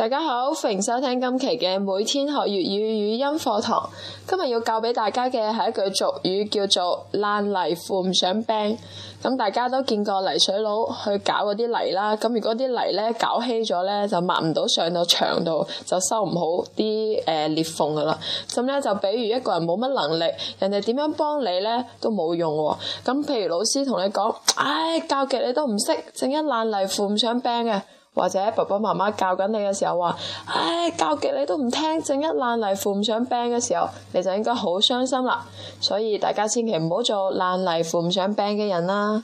大家好，歡迎收聽今期嘅每天學粵語語音課堂。今日要教俾大家嘅係一句俗語，叫做爛泥扶唔上柄。咁大家都見過泥水佬去搞嗰啲泥啦，咁如果啲泥咧搞稀咗咧，就抹唔到上到牆度，就收唔好啲誒裂縫噶啦。咁咧就比如一個人冇乜能力，人哋點樣幫你咧都冇用喎。咁譬如老師同你講，唉教極你都唔識，正一爛泥扶唔上柄嘅。或者爸爸媽媽教緊你嘅時候話，唉，教極你都唔聽，正一爛泥扶唔上柄嘅時候，你就應該好傷心啦。所以大家千祈唔好做爛泥扶唔上柄嘅人啦。